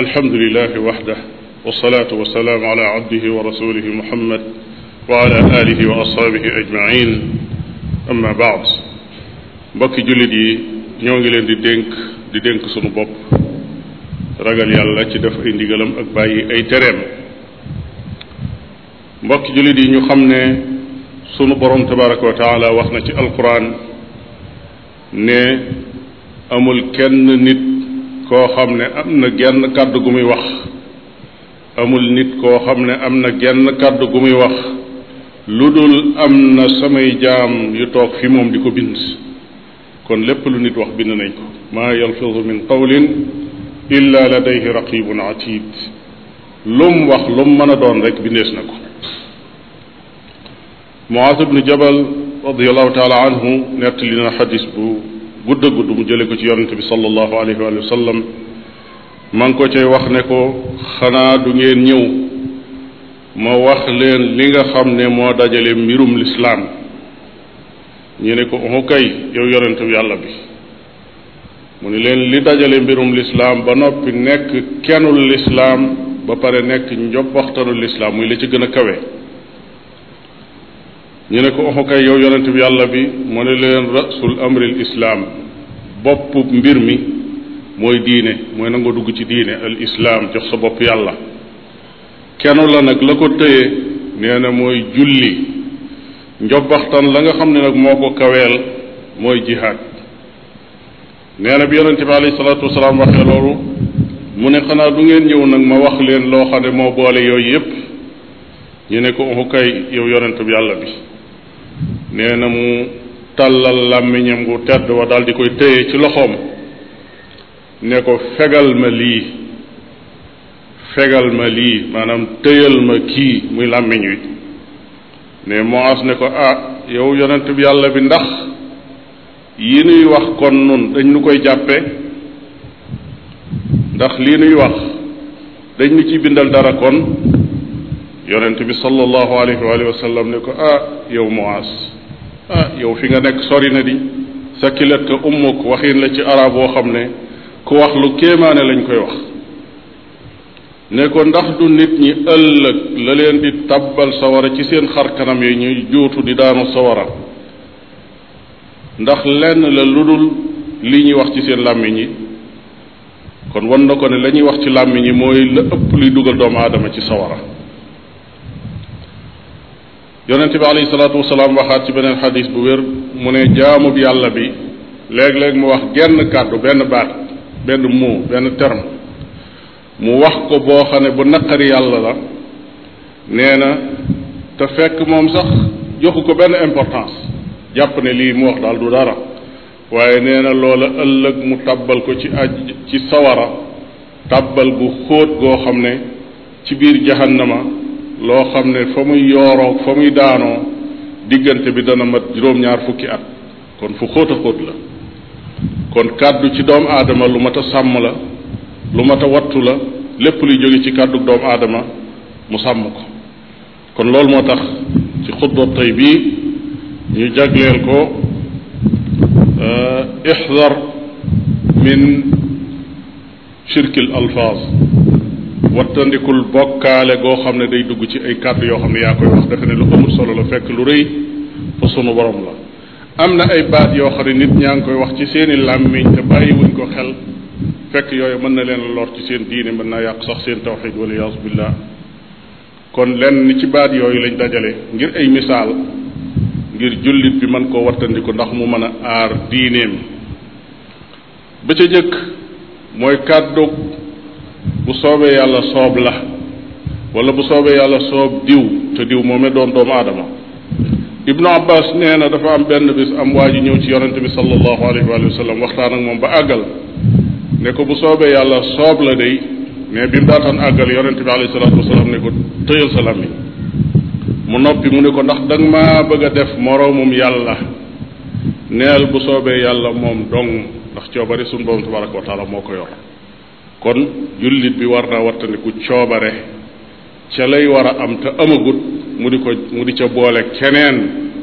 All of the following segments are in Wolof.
alhamdulilahi waxda wasalaatu wasalaamu ala abdihi wa rasulihi muhammad wa ala alihi ajmain amma baad mbokki jullit yi ñoo ngi leen di dénk di dénk sunu bopp ragal yàlla ci def ay ndigalam ak bàyyi ay tereem mbokki jullit yi ñu xam ne sunu borom tabaraka wa taala wax na ci alquran ne amul kenn nit koo xam ne am na genn kàddu gu muy wax amul nit koo xam ne am na genn kàddu gu muy wax lu dul am na samay jaam yu toog fi moom di ko bind kon lépp lu nit wax bind nañ ko maa yalfizu min qawlin illa ladayhi raqibun atid lum wax lum mën a doon rek bindees na ko Muaz ibnu Jabal radiallahu taala anhu nettali na xadis bu gudd a gudd mu jële ko ci yonente bi sallallahu alayhi wa sallam maa ngi ko cay wax ne ko xanaa du ngeen ñëw ma wax leen li nga xam ne moo dajale mbirum lislaam ñu ne ko oxu kay yow yonente bi yàlla bi mu ni leen li dajale mbirum lislaam ba noppi nekk kenul lislaam ba pare nekk njobbaxtanul lislaam muy la ci gën a kawe ñu ne ko oxo kay yow yonent bi yàlla bi mu ne leen rasul amril islaam bopp mbir mi mooy diine mooy nangoo dugg ci diine al islaam jox sa bopp yàlla kenu la nag la ko téye nee na mooy julli njobbaxtan la nga xam ne nag moo ko kaweel mooy jihaad nee na bi yonente bi alayhi salaatu wasalaam mu ne xanaa du ngeen ñëw nag ma wax leen loo xam ne moo boole yooyu yépp ñu ne ko uxu yow yonente yàlla bi nee na mu tàllal làmmiñam gu tedd wa daldi koy téye ci loxoom ne ko fegal ma lii fegal ma lii maanaam téyal ma kii muy làmmiñ wi ne Muas ne ko ah yow yonent bi yàlla bi ndax yi nuy wax kon nun dañ lu koy jàppe ndax lii nuy wax dañ nu ci bindal dara kon yonent bi sallallahu alayhi wa sallam ne ko ah yow Muas ah yow fi nga nekk sori na di sakilat ka ummuk waxin la ci araab woo xam ne ku wax lu kéemaane lañ koy wax ne ko ndax du nit ñi ëllëg la leen di tabbal sawara ci seen xar kanam yi ñuy juutu di daanu sawara ndax lenn la lu dul li ñuy wax ci seen làmmiñ yi kon wan na ko ne la ñuy wax ci làmmiñ yi mooy la ëpp luy dugal doomu aadama ci sawara yonente bi alayhi salaatu wasalaam waxaat ci beneen xadis bu wér mu ne jaamub yàlla bi léeg-léeg mu wax genn kàddu benn baat benn mot benn terme mu wax ko boo xam ne bu naqari yàlla la nee na te fekk moom sax joxu ko benn importance jàpp ne lii mu wax daal du dara waaye nee na loola ëllëg mu tàbbal ko ci aj ci sawara tàbbal gu xóot goo xam ne ci biir jahannama loo xam ne fa muy yooroog fa muy daanoo diggante bi dana mat juróom-ñaar fukki at kon fu xóota a xóot la kon kàddu ci doomu aadama lu mat a sàmm la lu mat a wattu la lépp luy jóge ci kàddu doomu aadama mu sàmm ko kon loolu moo tax ci xutba tey bii ñu jagleel ko eh, ixdar min shirkil alfaaz wattandikul bokkaale goo xam ne day dugg ci ay kàddu yoo xam ne yaa koy wax defe ne lu amul solo la fekk lu rëy fa sunu borom la am na ay baat yoo xam ne nit ñaa ngi koy wax ci seeni làmmiñ te bàyyiwuñ ko xel fekk yooyu mën na leen lor ci seen diine mën naa yàq sax seen tawxid wala yaas billah kon lenn ni ci baat yooyu lañ dajale ngir ay misaal ngir jullit bi mën koo wattandiku ndax mu mën a aar diineem ba ca jëkk mooy kàddu bu soobee yàlla soob la wala bu soobee yàlla soob diw te diw moome doon doomu aadama ibnu abbas nee na dafa am benn bis am waa ji ñëw ci yonente bi sallallahu alayhi wa sallam waxtaan ak moom ba àggal ne ko bu soobee yàlla soob la day mais bi mu daataan àggal yonente bi alayhi salaatu wasalaam ne ko tëyal sa noppi mu ne ko ndax da nga bëgg a def moroomum yàlla neel bu soobee yàlla moom dong ndax coobari suñu borom tabaraka moo ko yor kon jullit bi war naa wattandiku coobare ca lay war a am te amagut mu di ko mu di ca boole keneen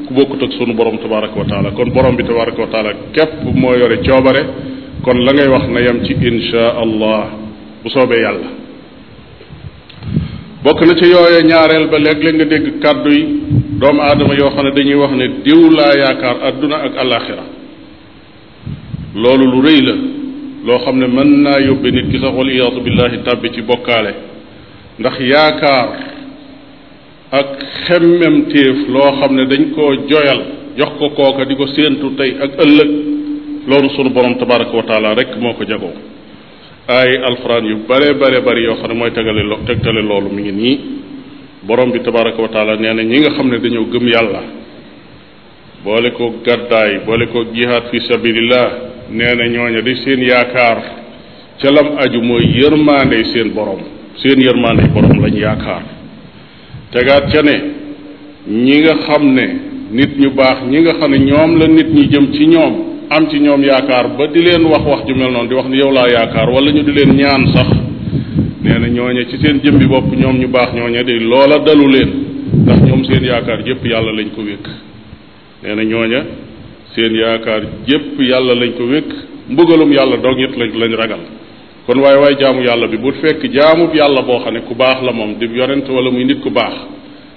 ku bokkut ak sunu borom tabaraka wa kon borom bi tabaraka wa taala képp moo yore coobare kon la ngay wax na yam ci insha allah bu soobee yàlla bokk na ci yooye ñaareel ba léeg-léeg nga dégg kàddu yi doomu aadama yoo xam ne dañuy wax ne diw laa yaakaar àdduna ak alaxira loolu lu rëy la loo xam ne mën naa yóbbe nit ki sax wal iyaatu billahi tàbbi ci bokkaale ndax yaakaar ak xemmemtéef loo xam ne dañ koo joyal yox ko kooka di ko séentu tey ak ëllëg loolu sunu borom tabaraka wa taala rek moo ko jagoo ay alxuraan yu bare bare bari yoo xam ne mooy tegale lo tegtale loolu mu ngi nii borom bi tabaraka wa taala nee na ñi nga xam ne dañoo gëm yàlla boole ko gàddaay boole ko jihaad fi sabilillah nee na ñooña di seen yaakaar ca lam aju mooy yërmaande seen borom seen yërmaande borom lañu yaakaar tegaat ca ne ñi nga xam ne nit ñu baax ñi nga xam ne ñoom la nit ñi jëm ci ñoom am ci ñoom yaakaar ba di leen wax wax ju mel noonu di wax ni yow laa yaakaar wala ñu di leen ñaan sax nee na ñooña ci seen jëm jëmbi bopp ñoom ñu baax ñooña di loola dalu leen ndax ñoom seen yaakaar yépp yàlla lañ ko wékk nee na ñooña seen yaakaar jépp yàlla lañ ko wékk mbugalum yàlla dong it lañ lañ ragal kon waaye waaye jaamu yàlla bi bu fekk jaamub yàlla boo xam ne ku baax la moom di yonent wala muy nit ku baax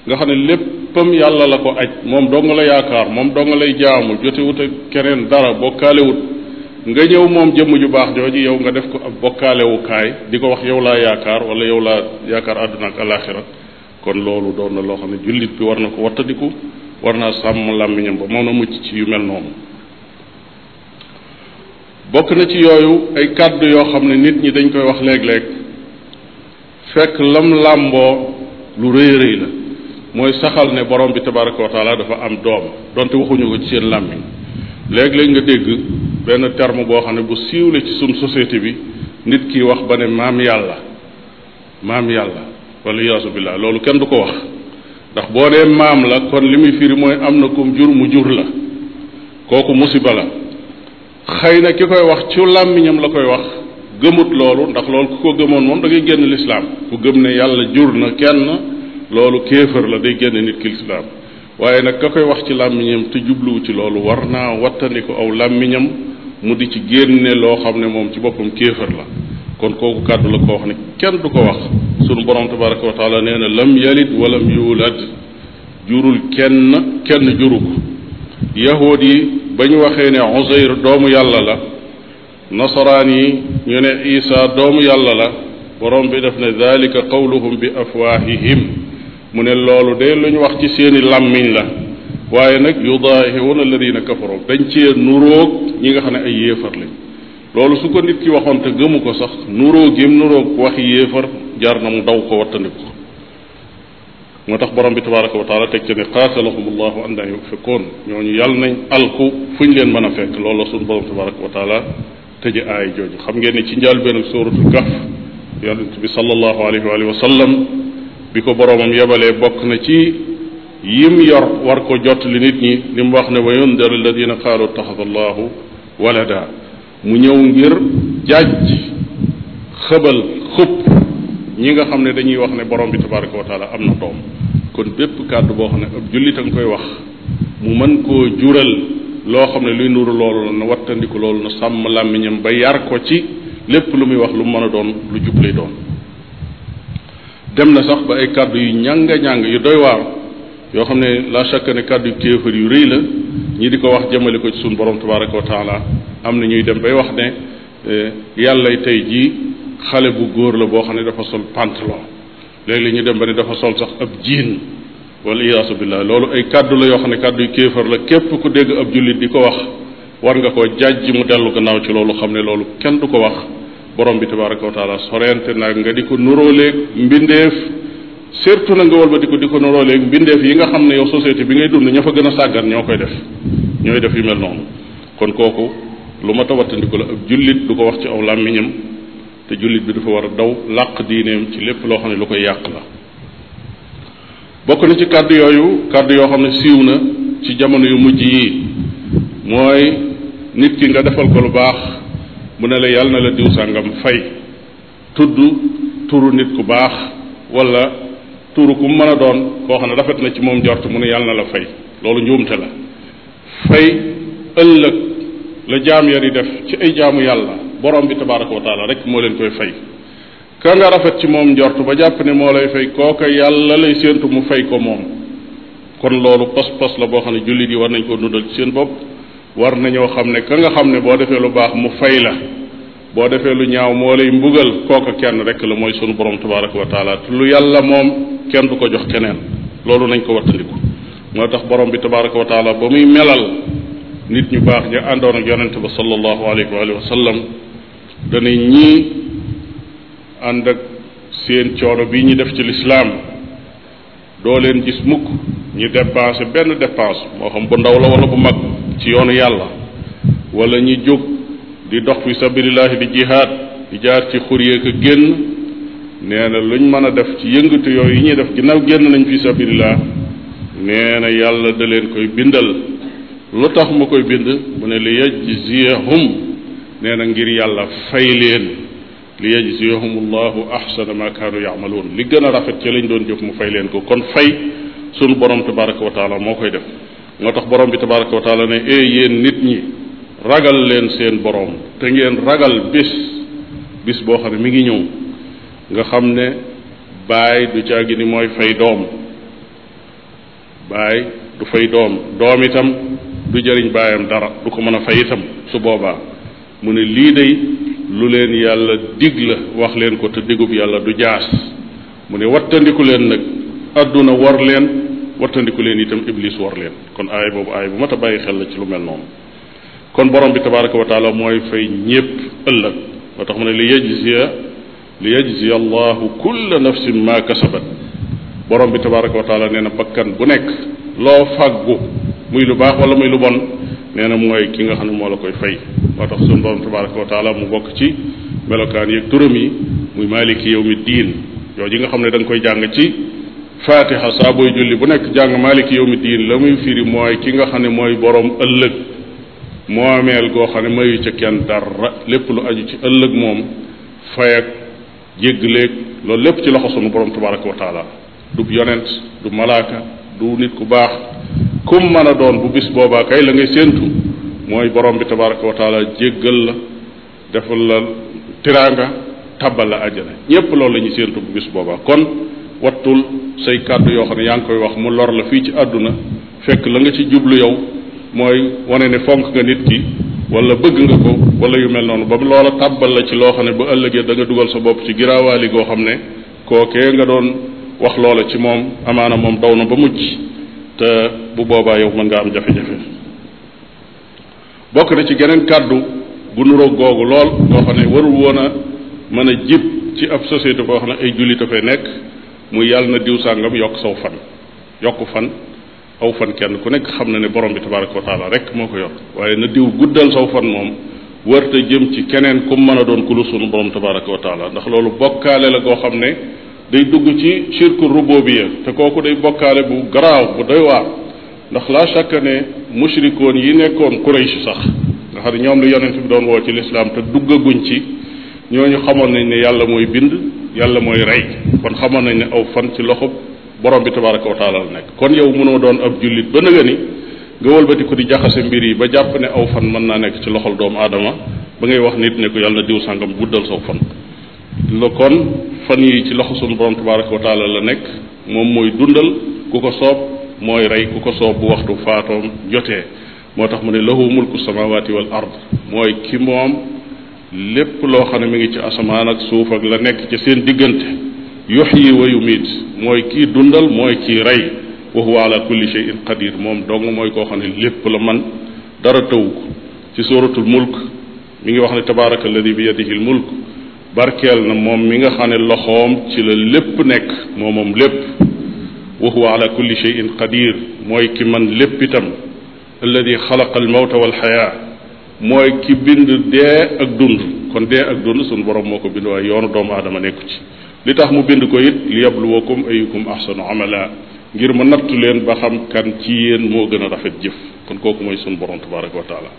nga xam ne léppam yàlla la ko aj moom dong la yaakaar moom dong lay jaamu jotewut ak keneen dara bokkaalewut nga ñëw moom jëmm ju baax jooju yow nga def ko ab bokkaalewukaay di ko wax yow laa yaakaar wala yow laa yaakaar àdduna ak alaxira kon loolu doon na loo xam ne jullit bi war na ko wattandiku war naa sàmm làmmiñam ba moom na mucc ci yu mel noonu bokk na ci yooyu ay kàddu yoo xam ne nit ñi dañ koy wax léeg-léeg fekk lam làmboo lu rëy rëy la mooy saxal ne borom bi tabaraka wa taala dafa am doom donte waxuñu ko ci seen làmmiñ léeg-léeg nga dégg benn term boo xam ne bu siiw la ci suñ société bi nit kiy wax ba ne maam yàlla maam yàlla wala yaasu billah loolu kenn du ko wax ndax boo dee maam la kon li muy firi mooy am na kum jur mu jur la kooku musiba la xëy na ki koy wax ci làmmiñam la koy wax gëmut loolu ndax loolu ku ko gëmoon moom da génn lislaam bu gëm ne yàlla jur na kenn loolu kéefër la day génne nit ki lislaam waaye nag ka koy wax ci làmmiñam te jubluwu ci loolu war naa wattandiku aw làmmiñam mu di ci génne loo xam ne moom ci boppam kéefër la kon kooku kàddu la ko wax ne kenn du ko wax sunu borom tabaraka wa nee na lam yalid walam yuulad jurul kenn kenn juru ko yi ba ñu waxee ne Uzayr doomu yàlla la nasaraan yi ñu ne Isa doomu yàlla la borom bi def ne dalika qawluhum bi afwaahihim mu ne loolu de lu ñu wax ci seeni làmmiñ la waaye nag na alladina kafaru dañ cee nuroog ñi nga xam ne ay yéefar lañ loolu su ko nit ki waxoon te gëmu ko sax nuroo gém nuroo waxi yéefar jaar na mu daw ko wattandiku ko moo tax borom bi tabaraka wa taala teg ci ne qaatalahum allahu an yufikoon ñooñu yàlla nañ alku leen mën a fekk loolu la suñu borom jooju xam ngeen ne ci njëlbéen ak sóoratul Kahf yonent bi sallallahu alayhi wa bi ko boromam yebalee bokk na ci yim yor war ko jot li nit ñi li mu wax ne wa yundar alladina qaalu ittaxada allahu walada mu ñëw ngir jàjj xëbal xëpp ñi nga xam ne dañuy wax ne borom bi tabaraka wa taala am na doom kon bépp kàddu boo xam ne ab jullit a nga koy wax mu mën koo jural loo xam ne luy nuru loolu la na wattandiku loolu nu sàmm làmmiñam ba yar ko ci lépp lu muy wax lu mën a doon lu jub lay doon dem na sax ba ay kàddu yu ñàng ñàng yu doy waar yoo xam ne laa chaque ne kàddu yu kéefër yu rëy la ñii di ko wax jëmale ko ci suñu borom tabaraka wa taala am na ñuy dem bay wax ne eh, yàlla tey jii xale bu góor la boo xam ne dafa sol pantalon léeg-léeg ñu dem ba ne dafa sol sax ab jiin wala iyaasu billah loolu ay kàddu la yoo xam ne kàddu yu kéefar la képp ku dégg ab jullit di ko wax war nga koo jàjj mu dellu gannaaw ci loolu xam ne loolu kenn du ko wax borom bi tabaraka wa taala nag nga di ko nuróoleeg mbindeef surtout na nga walbatiku di ko nurooleeg mbindeef yi nga xam ne yow bi ngay dund ña fa gën a sàggan ñoo koy def ñooy def yu mel noonu kon kooku lu ma tawattandiku la ab jullit du ko wax ci aw làmmiñam te jullit bi dafa war a daw làq diineem ci lépp loo xam ne lu ko yàq la bokk na ci kàddu yooyu kàddu yoo xam ne siiw na ci jamono yu mujj yi mooy nit ki nga defal ko lu baax mu ne la yàlla na la diw sàngam fay tudd turu nit ku baax wala tuuru ku mu mën a doon koo xam ne rafet na ci moom jort mu ne yàlla na la fay loolu njuumte la fay ëllëg la jaam ya di def ci ay jaamu yàlla borom bi tabaraka wa taala rek moo leen koy fay ka nga rafet ci moom njort ba jàpp ne moo lay fay kooka yàlla lay séentu mu fay ko moom kon loolu pas-pas la boo xam ne jullit yi war nañ koo dundal ci seen bopp war nañoo xam ne ka nga xam ne boo defee lu baax mu fay la boo defee lu ñaaw moo lay mbugal kooka kenn rek la mooy sunu borom tabaraka wa taala lu yàlla moom kenn du ko jox keneen loolu nañ ko wattandiku moo tax borom bi tabaraka wa taala ba muy melal nit ñu baax ña àndoon ak yonente ba sallallahu alayhi wa sallam dana ñii ànd ak seen coono bi ñu def ci lislaam doo leen gis mukk ñu dépensé benn dépense moo xam bu ndaw la wala bu mag ci yoonu yàlla wala ñi jóg di dox fi sabilillahi di jihaad di jaar ci xur yeeg a génn nee na luñ mën a def ci yëngatu yooyu yi ñuy def ginnaaw génn nañ fi sabilillah nee na yàlla da leen koy bindal lu tax mu koy bind mu ne li yajziyahum nee na ngir yàlla fay leen li yajziyahum allahu ahsana ma kaanu yaamaluun li gën a rafet ci lañ doon jëf mu fay leen ko kon fay sunu borom tabaraka wa taala moo koy def moo tax borom bi tabaraka wa taala ne ee yéen nit ñi ragal leen seen boroom te ngeen ragal bis bis boo xam ne mi ngi ñëw nga xam ne baay du caagi ni mooy fay doom baay du fay doom doom itam du jariñ baayam dara du ko mën a fay itam su boobaa mu ne lii day lu leen yàlla dig la wax leen ko te digub yàlla du jaas mu ne wattandiku leen nag àdduna war leen wattandiku leen itam iblis war leen kon aay boobu aay bu mat a bàyyi xel la ci lu mel noonu kon borom bi tabaraka wa taala mooy fay ñépp ëllëg moo tax mu ne li yajziya li yajziya allahu kulla nafsin ma kasabat borom bi tabaraka wa taala nee na bakkan bu nekk loo fàggu muy lu baax wala muy lu bon nee na mooy ki nga xam ne moo la koy fay moo tax suñu borom tabaraka wa mu bokk ci melokaan yeeg turam yi muy yow mi diin yooyu yi nga xam ne da koy jàng ci fatiha saa booy julli bu nekk jàng maliki yawmi diin la muy firi mooy ki nga xam ne mooy borom ëllëg moomeel goo xam ne mayu ca kenn dara lépp lu aju ci ëllëg moom fay ak léeg loolu lépp ci loxo sunu borom tabaraka wa taala du yonent du malaaka du nit ku baax kum mën a doon bu bis boobaa kay la ngay séentu mooy borom bi tabaraka wa taala jéggal la defal la tiraanga tabal la ajjana ñépp loolu la ñuy séentu bu bis boobaa kon wattul say kàddu yoo xam ne yaa ngi koy wax mu lor la fii ci àdduna fekk la nga ci jublu yow mooy wane ne fonk nga nit ki wala bëgg nga ko wala yu mel noonu ba loola tàbbal la ci loo xam ne ba ëllëgee da dugal sa bopp ci giraawaali goo xam ne kookee nga doon wax loola ci moom amaana moom daw na ba mujj te bu boobaa yow mën nga am jafe-jafe bokk na ci geneen kàddu gu nuroog googu lool goo xam ne warul woon a mën a jib ci ab société boo xam ne ay jullit a fay nekk muy yàlla na diw sàngam yokk saw fan yokk fan aw fan kenn ku nekk xam na ne borom bi tabaraka wa taala rek moo ko yor waaye na diw guddal saw fan moom wërta jëm ci keneen ku mën a doon ku lu sunu borom tabaraka wa ndax loolu bokkaale la goo xam ne day dugg ci shirku rububiya te kooku day bokkaale bu garaaw bu doy waa ndax laa shakka ne mushrikoon yi nekkoon Quraysh sax nga xam ne ñoom li yonent bi doon woo ci lislaam te duggaguñ ci ñoo ñu xamoon nañ ne yàlla mooy bind yàlla mooy rey kon xamoon nañ ne aw fan ci loxob borom bi tabaraka wa taala la nekk kon yow mënoo doon ab jullit ba nëga ni nga wëlbati ku di jaxase mbir yi ba jàpp ne aw fan mën naa nekk ci loxol doomu aadama ba ngay wax nit ne ko yàlla na diw sàngam guddal saw fan la kon fan yi ci loxo sunu borom tabaraka wa la nekk moom mooy dundal ku ko soob mooy rey ku ko soob bu waxtu faatoom jotee moo tax mu ne lahu mulku samawati wal ard mooy ki moom lépp loo xam ne mu ngi ci asamaan ak suuf ak la nekk ci seen diggante yuxyi wa yumiit mooy kii dundal mooy kii rey wa huwa ala kulli shay'in qadir moom doom mooy koo xam ne lépp la man dara tëw ko ci suratul mulk mu ngi wax ne tabaraka alladi bi yadihi al mulk barkeel na moom mi nga xam ne loxoom ci la lépp nekk moo moom lépp wa huwa ala kulli shay'in qadir mooy ki man lépp itam alladi xalaqa al mawta wal mooy ki bind dee ak dund kon dee ak dund suñu borom moo ko bind waaye yoonu doomu aadama nekku ci li tax mu bind ko it li yabluwakum ayukum ahsanu amala ngir mu nattu leen ba xam kan ci yéen moo gën a rafet jëf kon kooku mooy sunu borom tabaraka wa taala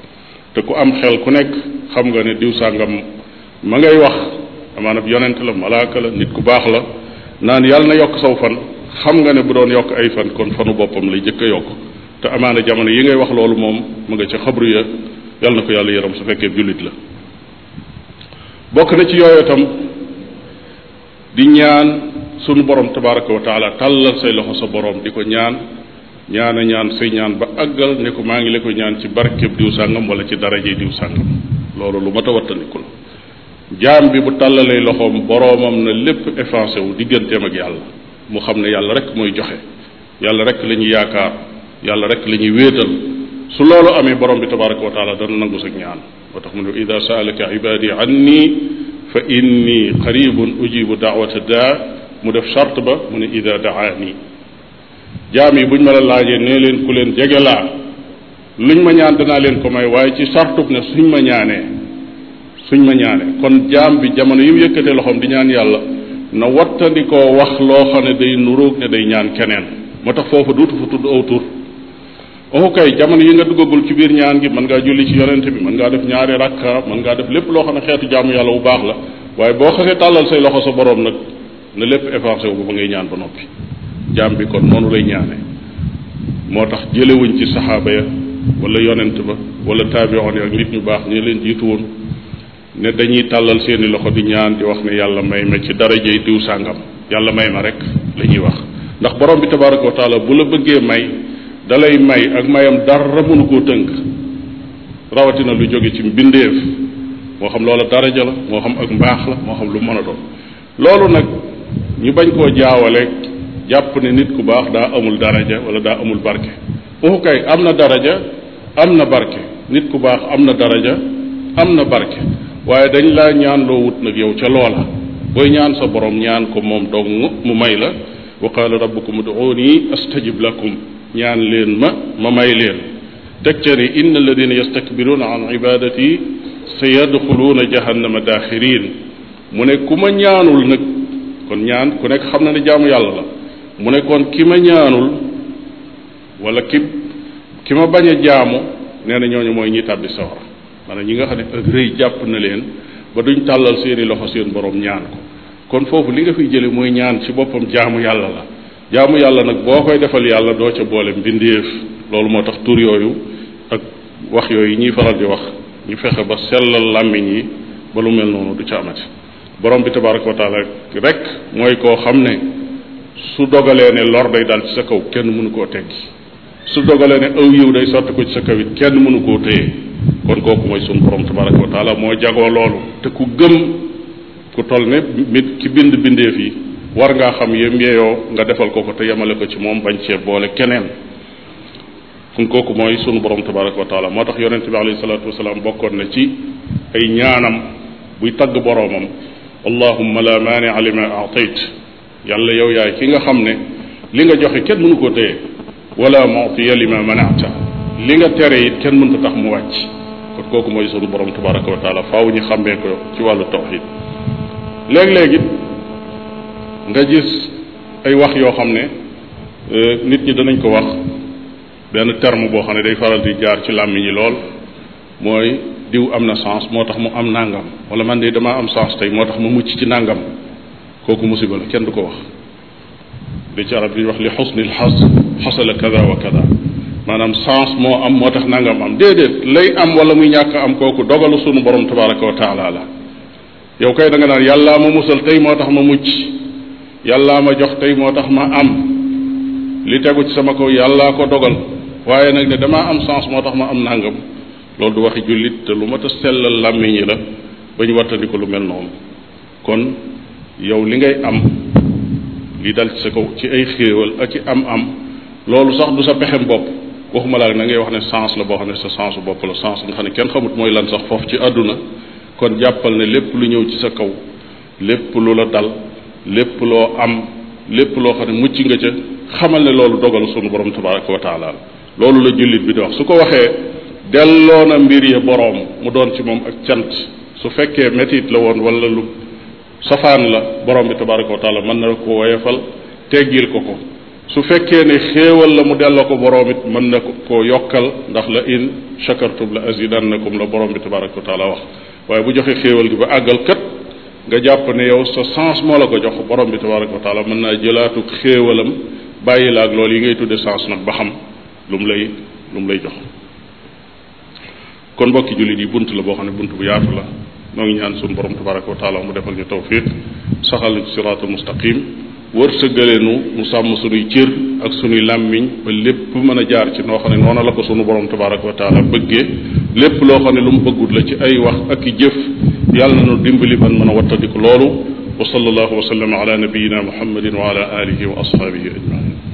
te ku am xel ku nekk xam nga ne diw sàngam ma ngay wax amaanab yonent la malaaka la nit ku baax la naan yàlla na yokk saw fan xam nga ne bu doon yokk ay fan kon fanu boppam lay jëkk a yokk te amaana jamono yi ngay wax loolu moom mu nga ca xabru ya yàlla na ko yàlla yaram su fekkee jullit la di ñaan sunu borom tabaraka wa tàllal say loxo sa borom di ko ñaan ñaan ñaan say ñaan ba àggal ne ko maa ngi la ñaan ci barkeb diw sàngam wala ci daraje diw sàngam loolu lu mat a wattandiku la jaam bi bu tàllalee loxoom boroomam na lépp effacé wu digganteem ak yàlla mu xam ne yàlla rek mooy joxe yàlla rek la yaakaar yàlla rek la ñuy wéetal su loolu amee borom bi tabaraka wa taala dana nangu sa ñaan moo tax mu ne ida saalaka ibadi anni fa inni qaribun ujibu daawata daa mu def charte ba mu ne ida daani jaam yi buñ ma la laajee ne leen ku leen jege laa luñ ma ñaan danaa leen ko may waaye ci sartub na suñ ma ñaanee suñ ma ñaanee kon jaam bi jamono yi mu yëkkatee loxoom di ñaan yàlla na wattandikoo wax loo xam ne day nuróog ne day ñaan keneen moo tax foofu duutu fa tudd aw oh kay jamono yi nga duggagul ci biir ñaan gi mën ngaa julli ci yonente bi mën ngaa def ñaari rakka mën ngaa def lépp loo xam ne xeetu jaamu yàlla bu baax la waaye boo xasee tàllal say loxo sa borom nag na lépp effacé wu ba ngay ñaan ba noppi jaam bi kon noonu lay ñaane moo tax jëlewuñ ci wala yonent ba wala taabiyoon ya ak nit ñu baax ñu jiitu woon ne dañuy tàllal seeni loxo di ñaan di wax ne yàlla may ma ci dara jëy diw sàngam yàlla may ma rek la ñuy wax ndax borom bi tabaraka wa taala bu la bëggee may dalay may ak mayam dara mënu koo tënk rawatina lu jóge ci mbindeef moo xam loola daraja la moo xam ak mbaax la moo xam lu mën a doon loolu nag ñu bañ koo jaawale jàpp ne nit ku baax daa amul daraja wala daa amul barke uxu kay am na daraja am na barke nit ku baax am na daraja am na barke waaye dañ laa ñaan loo wut nag yow ca loola booy ñaan sa borom ñaan ko moom dong mu may la wa qaala rabbukum uduuni astajib lakum ñaan leen ma ma may leen teg ca ni inna alladina yastakbiruna an ibadati sa yadxuluuna jahannama daaxirin mu ne ku ma ñaanul nag kon ñaan ku nekk xam na ne jaamu yàlla la mu ne kon ki ma ñaanul wala ki ki ma bañ a jaamu nee na ñooñu mooy ñi tàbbi sawara maanaam ñi nga xam ne ak rëy jàpp na leen ba duñ tàllal seeni loxo seen borom ñaan ko kon foofu li nga fiy jële mooy ñaan ci boppam jaamu yàlla la jaamu yàlla nag boo koy defal yàlla doo ca boole mbindeef loolu moo tax tur yooyu ak wax yooyu ñuy faral di wax ñu fexe ba sellal làmmiñ yi ba lu mel noonu du ca amati borom bi tabaraka wa taala mooy koo xam ne su dogalee ne lor day daal ci sa kaw kenn mënu koo teggi su dogalee ne aw yiw day sotti ko ci sa kaw kenn mënu koo téye kon kooku mooy sunu borom tabaraka wa taala moo jagoo loolu te ku gëm ku toll ne mit ki bind bindeef yi war ngaa xam yem yeeyoo nga defal ko ko te yemale ko ci moom bañ cee boole keneen kun kooku mooy sunu borom tabaraka wa taala moo tax yonente bi alayhi salatu wasalaam bokkoon na ci ay ñaanam buy tagg boroomam allahumma la maanica lima aatayt yàlla yow yaay ki nga xam ne li nga joxe kenn mënu ko téye wala mu'tiya lima manata li nga tere it kenn mënta tax mu wàcc kon kooku mooy sunu borom tabaraka wa taala faaw ñu xàmmee ko ci wàllu tawxid léeg nga gis ay wax yoo xam ne euh, nit ñi danañ ko wax benn terme boo xam ne day faral di jaar ci làmmiñ yi lool mooy diw am na sens moo tax mu am nàngam wala man de damaa am tey moo tax mu mucc ci nàngam kooku musiba la kenn du ko wax li ci arab wax li xusnil xas xasala kada wa kada maanaam moo am moo tax nangam am déedéet lay am wala muy ñàkk am kooku dogalu sunu borom tabaraka wa taala la yow kay da nga naan yàllaa musal tey moo tax ma mucc yàllaa ma jox tey moo tax ma am li tegu ci sama kaw yàllaa ko dogal waaye nag ne damaa am sens moo tax ma am nangam loolu du waxi jullit te lu ma a sellal làmmiñ yi la ba ñu wattandi ko lu mel noonu kon yow li ngay am li dal ci sa kaw ci ay xéewal ak ci am-am loolu sax du sa pexem bopp waxuma laa na ngay wax ne sens la boo xam ne sa sensu bopp la sens nga xam ne kenn xamut mooy lan sax foofu ci àdduna kon jàppal ne lépp lu ñëw ci sa kaw lépp lu la dal lépp loo am lépp loo xam ne mucc nga ca xamal ne loolu dogalu sunu boroom tabaraka wa loolu la jullit bi di wax su ko waxee delloo na mbir ya boroom mu doon ci moom ak cant su fekkee metit la woon wala lu safaan la borom bi tabaraka wa mën na ko woyefal teggil ko ko su fekkee ne xéewal la mu dell ko boroom it mën na ko ko yokkal ndax la in shakartum la azidannakum la borom bi tabaraka wa taala wax waaye bu joxe xéewal gi ba àggal nga jàpp ne yow sa sens moo la ko jox borom bi tabaraka wa taala mën naa jëlaatug xéewalam bàyyi la ak loolu yi ngay tudde sens nag ba xam lu mu lay lu mu lay jox kon mbokki jullit yi bunt la boo xam ne bunt bu yaatu la noo ngi ñaan suñu borom tabaraka wa taala mu defal ñu tawfiq saxal ñu ci siraatul mustaqim wërsëgale nu mu sàmm sunuy cër ak sunuy làmmiñ ba lépp mën a jaar ci noo xam ne noona la ko sunu borom tabaraka wa taala bëgge lépp loo xam ne lu mu bëggut la ci ay wax ak i jëf yàlla na nu dimbali ban mën a wattandiku loolu wa sallallahu wa sallam ala nabiyina muhammadin wa ala alihi wa ashaabihi ajmain